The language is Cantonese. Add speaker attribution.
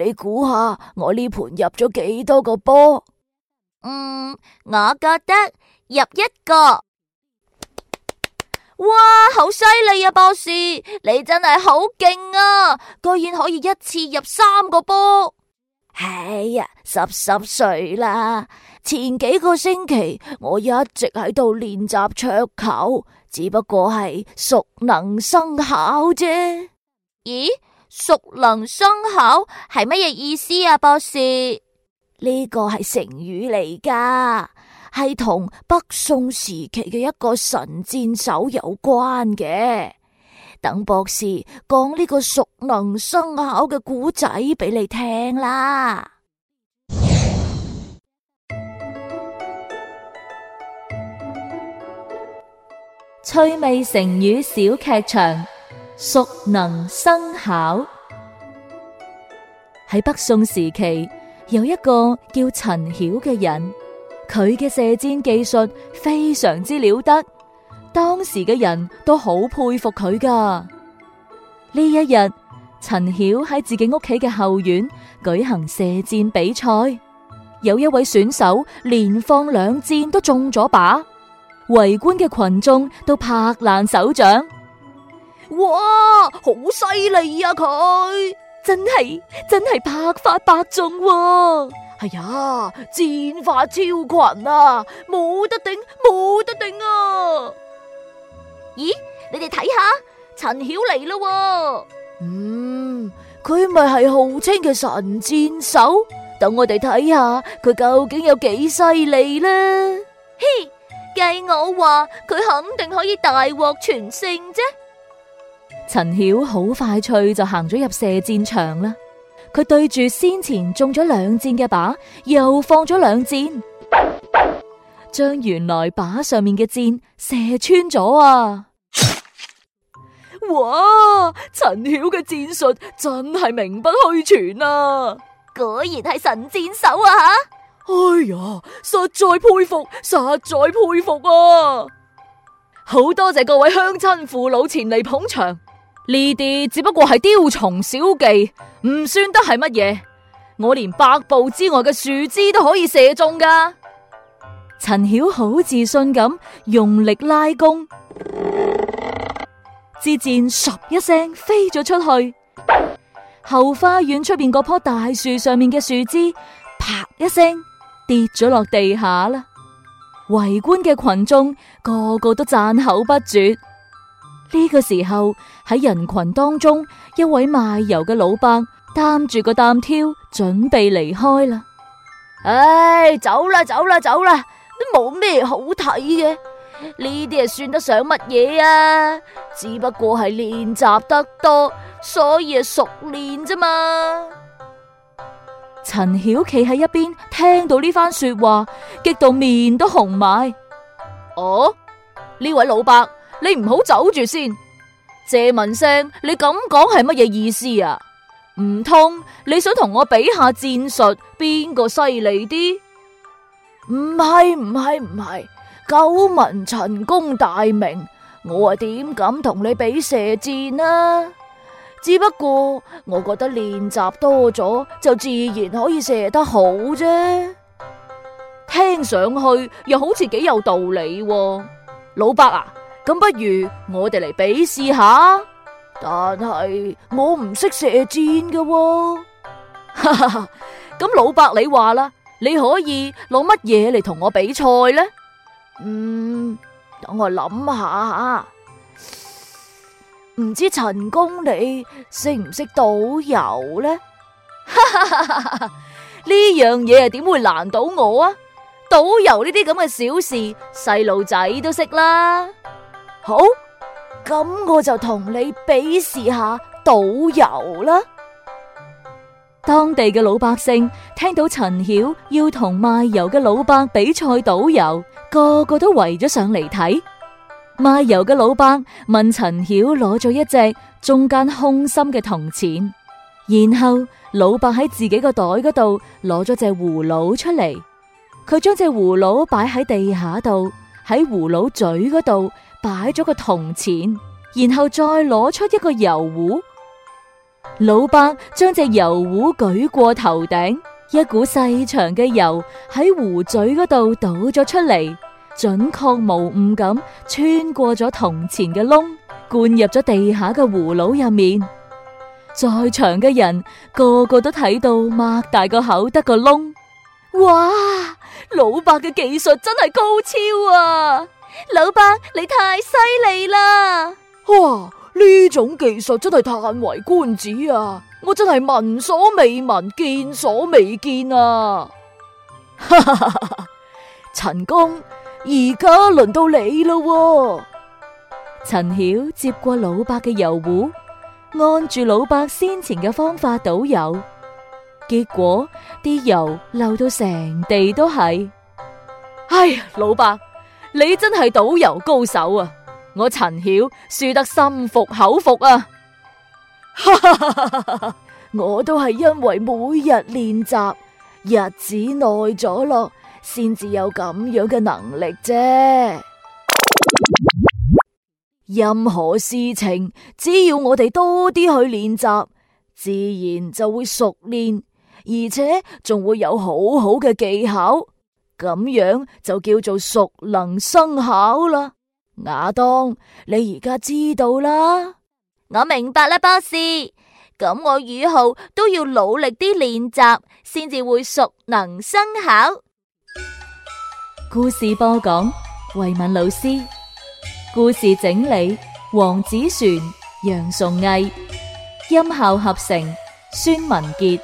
Speaker 1: 你估下我呢盤入咗幾多個波？嗯，我覺得入一個。哇，好犀利啊，博士，你真係好勁啊，居然可以一次入三個波。哎呀、啊，濕濕碎啦，前幾個星期我一直喺度練習桌球，只不過係熟能生巧啫。咦？熟能生巧係乜嘢意思啊？博士，呢個係成語嚟噶，係同北宋時期嘅一個神箭手有關嘅。等博士講呢個熟能生巧嘅故仔俾你聽啦。趣味成語小劇場。熟能生巧。喺北宋時期，有一個叫陳曉嘅人，佢嘅射箭技術非常之了得，當時嘅人都好佩服佢㗎。呢一日，陳曉喺自己屋企嘅後院舉行射箭比賽，有一位選手連放兩箭都中咗靶，圍觀嘅群眾都拍爛手掌。哇，好犀利啊！佢真係真係百發百中喎。係呀，戰法超群啊，冇得頂，冇得頂啊！咦，你哋睇下，陳曉嚟啦。嗯，佢咪係號稱嘅神箭手。等我哋睇下佢究竟有幾犀利啦。嘿，計我話佢肯定可以大獲全勝啫。陳曉好快脆就行咗入射箭場啦，佢對住先前中咗兩箭嘅靶，又放咗兩箭，將原來靶上面嘅箭射穿咗啊！哇，陳曉嘅箭術真係名不虛傳啊！果然係神箭手啊！吓，哎呀，實在佩服，實在佩服啊！好多謝各位鄉親父老前嚟捧場。呢啲只不過係雕蟲小技，唔算得係乜嘢。我連百步之外嘅樹枝都可以射中噶。陳曉好自信咁用力拉弓，支箭嗖一聲飛咗出去，後花園出邊嗰棵大樹上面嘅樹枝啪一聲跌咗落地下啦。圍觀嘅群眾個個都讚口不絕。呢個時候喺人群當中，一位賣油嘅老伯擔住個擔挑，準備離開啦。唉、哎，走啦，走啦，走啦，都冇咩好睇嘅。呢啲係算得上乜嘢啊？只不過係練習得多，所以啊熟練啫嘛。陳曉琪喺一邊，聽到呢番說話，激到面都紅埋。哦，呢位老伯。你唔好走住先，借問聲，你咁講係乜嘢意思啊？唔通你想同我比下戰術，邊個犀利啲？唔係唔係唔係，久聞陳公大名，我又點敢同你比射箭啊？只不過我覺得練習多咗就自然可以射得好啫。聽上去又好似幾有道理啊。老伯啊！咁不如我哋嚟比試下，但係我唔識射箭㗎喎，哈哈，咁 老伯，你話啦，你可以攞乜嘢嚟同我比賽咧？嗯，等我諗下吓，唔知陳公你識唔識倒油咧？呢 樣嘢啊，點會難到我啊？倒油呢啲咁嘅小事，細路仔都識啦。好，咁我就同你比試下倒油啦。當地嘅老百姓聽到陳曉要同賣油嘅老伯比賽倒油，個個都圍咗上嚟睇。賣油嘅老伯問陳曉攞咗一隻中間空心嘅銅錢，然後老伯喺自己個袋嗰度攞咗隻葫蘆出嚟，佢將隻葫蘆擺喺地下度，喺葫蘆嘴嗰度，擺咗個銅錢，然後再攞出一個油壺。老伯將隻油壺舉過頭頂，一股細長嘅油喺壺嘴嗰度倒咗出嚟，準確無誤咁穿過咗銅錢嘅窿，灌入咗地下嘅葫蘆入面。在場嘅人個個都睇到擘大個口得個窿，哇！老伯嘅技術真係高超啊！老伯，你太犀利啦！哇，呢種技術真係嘆為觀止啊！我真係聞所未聞、見所未見啊！ 陳公，而家輪到你啦喎！陳曉接過老伯嘅油壺，按住老伯先前嘅方法倒油，結果啲油漏到成地都係。哎呀，老伯。你真係倒油高手啊！我陳曉輸得心服口服啊！ 我都係因為每日練習，日子耐咗咯，先至有咁樣嘅能力啫。任何事情只要我哋多啲去練習，自然就會熟練，而且仲會有好好嘅技巧。咁樣就叫做熟能生巧啦，亞當，你而家知道啦。我明白啦，博士。咁我以後都要努力啲練習，先至會熟能生巧。故事播講：維敏老師，故事整理：黃子璇、楊崇毅，音效合成：孫文杰。